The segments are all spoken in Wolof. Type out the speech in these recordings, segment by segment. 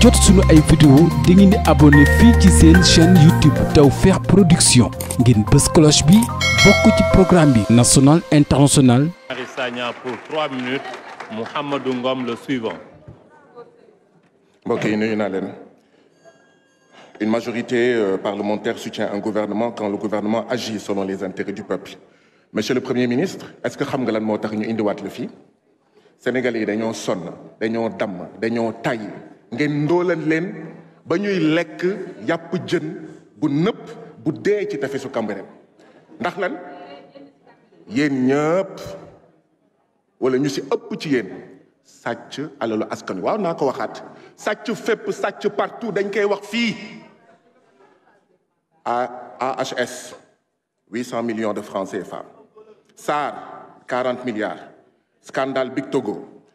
jot suñu ay vidéo da ngeen di abonné fii ci seen chaîne YouTube Tawfekh Production ngir bës cloche bi bokk ci programme bi national international Mari Sagna pour trois minutes Mouhamadou Ngom le suivant yi nuyu naa leen une majorité euh, parlementaire soutient un gouvernement quand le gouvernement agit selon les intérêts du peuple monsieur le premier ministre est-ce que xam nga lan moo tax ñu indiwaat la fii Sénégalais yi dañoo sonn dañoo damm dañoo tàyyi ngeen ndóolan leen ba ñuy lekk yàpp jën bu nëpp bu dee ci tefesu Cambérène ndax lan yéen ñëpp wala ñu si ëpp ci yéen sàcc alalu askan wi waaw naa ko waxaat sàcc fépp sàcc partout dañ koy wax fii AHS 800 millions de francs CFA SAR 40 milliards scandale Big Togo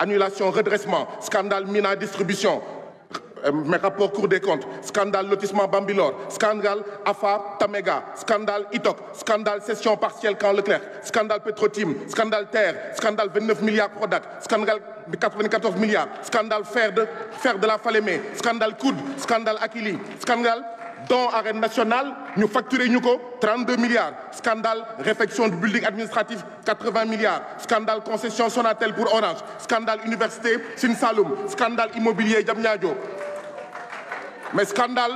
annulation redressement scandale Mina distribution euh, mais rapport Cour des comptes scandale lotissement Bambilor scandale Afa Tamega scandale Itoc scandale cession partielle Camp Leclerc scandale Petrotim scandale terre scandale 29 milliards Prodac scandale 94 milliards scandale fer de fer de la Falémé scandale coude scandale Akili don arène nationale ñu facturé ñu ko 32 milliards scandale réfection du building administratif 80 milliards scandale concession Sonatel pour Orange scandale université Sine Saloum scandale immobilier Diamniadio mais scandale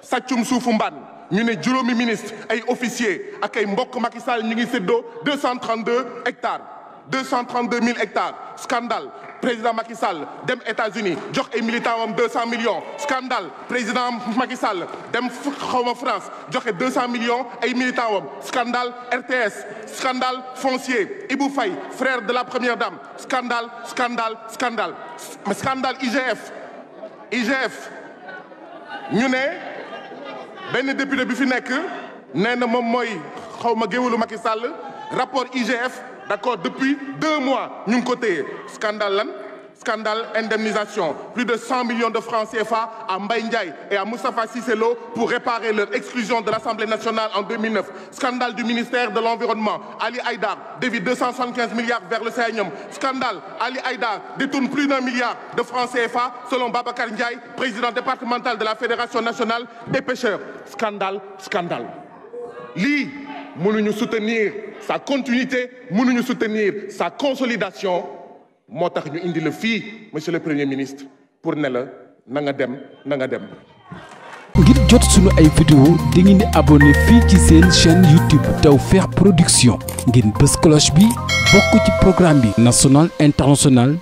sàccum suufu mbaan ñu ne juróomi ministre ay officier ak ay mbokk Macky Sall ñu ngi séddoo 232 hectares 232 000 hectares scandale président Macky Sall dem États-Unis jox ay militants am 200 millions scandale président Macky Sall dem xawma France joxe 200 millions ay militants am skandal RTS scandale foncier Ibou Faye frère de la première dame scandale scandale scandale scandale IGF IGF ñu ne benn député bi fi nekk nee na moom mooy xawma géwalu Macky Sall rapport IGF d'accord depuis deux ñu ngi ko téye lan scandale indemnisation plus de 100 millions de francs CFA à Mbaye Ndiaye et à Moustapha Cissé Lo pour réparer leur exclusion de l'Assemblée nationale en 2009 scandale du ministère de l'environnement Ali Haïdar dévie 275 milliards vers le CNM scandale Ali Haïdar détourne plus d'un milliard de francs CFA selon Babacar Ndiaye président sa continuité mënuñu soutenir sa consolidation moo tax ñu indi la fii monsieur le premier ministre pour ne la na nga dem na nga dem. ngir jot suñu ay vidéo di ngeen di abonné fii ci seen chaîne YouTube Tawfekh Production ngir bës cloche bi bokk ci programme bi national international.